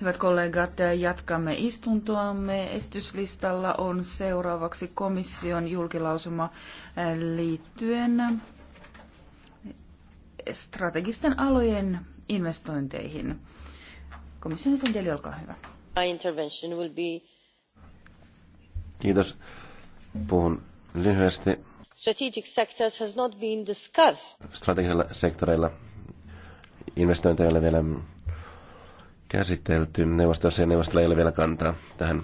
Hyvät kollegat, jatkamme istuntoamme. Esityslistalla on seuraavaksi komission julkilausuma eh, liittyen eh, strategisten alojen investointeihin. Komission jäsen olkaa hyvä. Kiitos. Puhun lyhyesti. Strategic sectors has not been discussed. Strategisilla sektoreilla investointeja ei ole vielä käsitelty neuvostossa ja neuvostolla ei ole vielä kantaa tähän